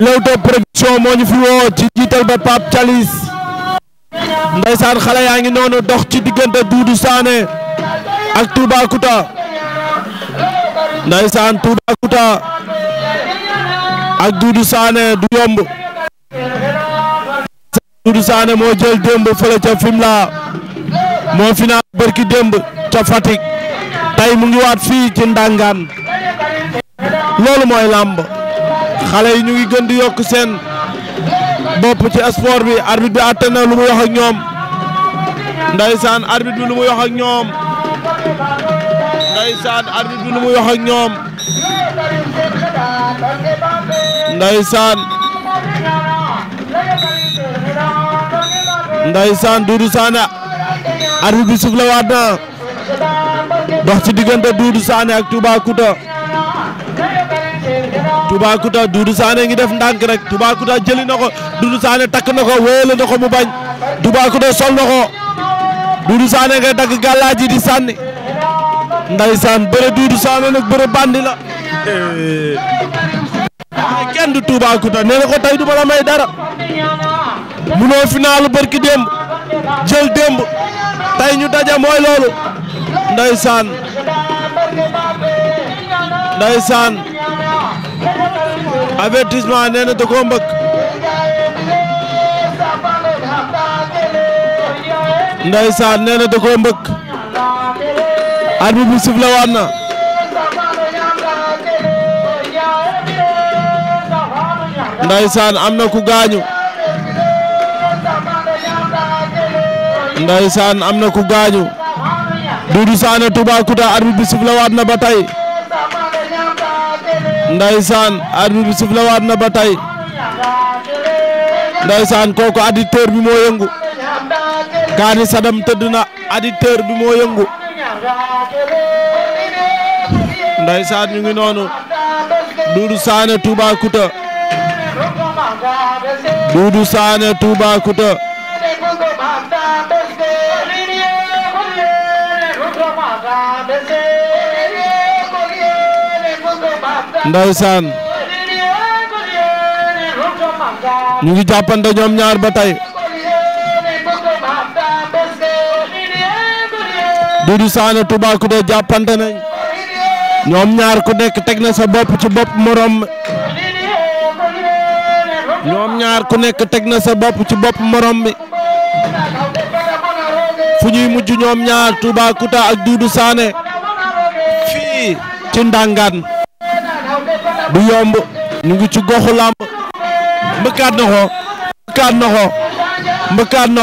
Leewtoo production moo ñu fi woo ci jiital ba Pape Thialis ndeysaan xale yaa ngi noonu dox ci diggante Doudou Sané ak Toubacouta ndeysaan Toubacouta ak Doudou Sané du yomb Doudou moo jël démb fële ca Fimela moo final bërki démb ca Fatick tey mu ngi waat fii ci Ndangaan loolu mooy làmb xale yi ñu ngi gën di yokk seen bopp ci sport bi arbitre bi àtte na lu mu wax ak ñoom ndaysaan arbitre bi lu mu wax ak ñoom ndaysaan arbitre bi lu mu wax ak ñoom ndaysaan ndaysaan Doudou Sané bi sufle waat na dox ci diggante Doudou Sané ak Toubacouta Toubacouta Doudou Sané ngi def ndànk rek Toubacouta jëli na ko Doudou Sané takk na ko wéyale na ko mu bañ Toubacouta sol na ko Doudou Sané ngay dagg gàllaaj di sànni ndaysaan bëre Doudou Sané nag bëre bandi la kenn du Toubacouta nee na ko tey du ma la may dara munoo finaalu barki démb jël démb tey ñu daja mooy loolu ndaysaan ndaysaan avertissement nee na da koo mbëkk ndeysaan nee na da koo mbëkk arbitre bi siflé waat na ndeysaan am na ku gaañu ndeysaan am na ku gaañu Doudou Sané Toubacouta arbitre bi siflé waat na ba tey Ndeysaan arbitre bi siflé waat na ba tey Ndeysaan kooku auditeur bi moo yëngu Kaani Sadam tëdd na auditeur bi moo yëngu Ndeysaan ñu ngi noonu Doudou Sané ndeysaan ñu ngi jàppante ñoom ñaar ba tey Doudou Sané Toubacouta jàppante nañ ñoom ñaar ku nekk teg na sa bopp ci bopp morom ñoom ñaar ku nekk teg na sa bopp ci bopp morom bi fu ñuy mujj ñoom ñaar Toubacouta ak Doudou Sané fii ci Ndangaan du yomb ñu ngi ci goxu làmb mbëkkaat na ko mbëkkaat na ko mbëkkaat na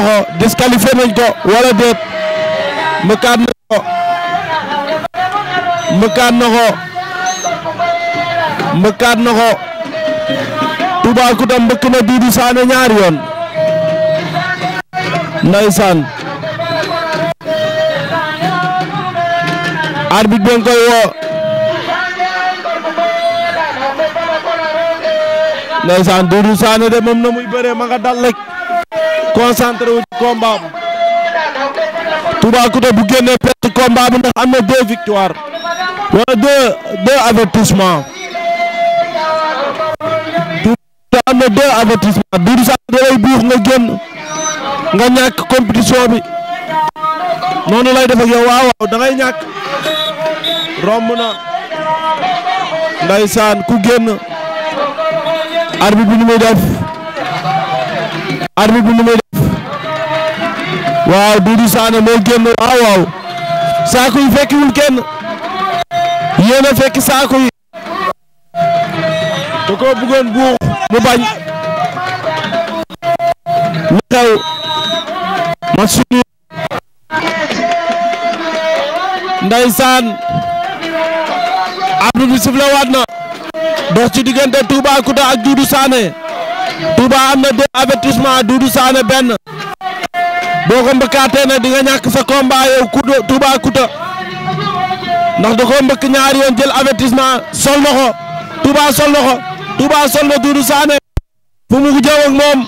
ko wala déet mbëkkaat na ko mbëkkaat na ko mbëkkaat na mbëkk na Doudou Sané ñaari yoon ndeysaan arbitre bi nga koy ndeysaan Doudou Sané de moom na muy bëree ma nga dal rek concentré wu ci combat am Toubacouta bu génnee perte combat bi ndax am na deux victoires wala deux deux avertissements Toubacouta am na deux buux nga génn nga ñàkk compétition bi noonu lay def yow waaw waaw da ñàkk romb na ndeysaan ku génn. arbitre bi nu muy def arbitre bi nu muy def waaw Doudou Sané moo waaw ah, waaw saako yi fekkiwul kenn yéen a fekki saako koo bëggoon buux mu bañ lu xew ma suñu ndeysaan bi siflewaat na dox ci diggante Toubacouta ak Doudou Sané Touba am na deux avertissement Doudou Sané benn boo ko mbëkkaatee nag di nga ñàkk sa combat yow Toubacouta ndax da koo mbëkk ñaari yoon jël avertissement sol na ko Touba sol na ko Touba sol na Doudou Sané fu mu jëw moom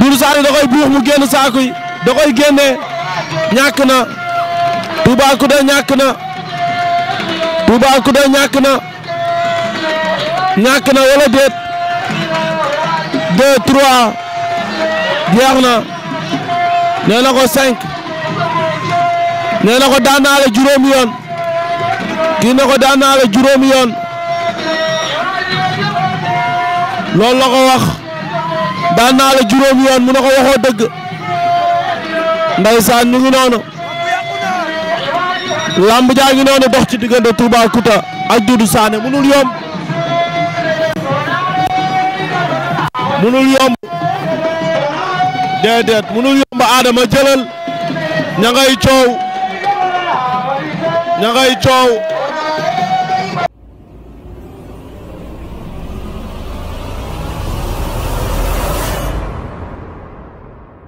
Doudou Sané da buux mu génn saako yi da génne ñàkk na Toubacouta ñàkk na Toubacouta ñàkk na. ñàkk na wala déet 2 3 jeex na nee na ko 5 nee na ko daan naa la juróomi yoon kii ko daan naa la juróomi yoon loolu la ko wax daan naa la juróomi yoon mu na ko waxoo dëgg ndeysaan ñu ngi noonu lamb jaa ngi noonu dox ci diggante Toubacouta ak Doudou Sané mënul yomb. munul yomb déedéet munul yomb Adama jëlal ña ngay coow ña ngay coow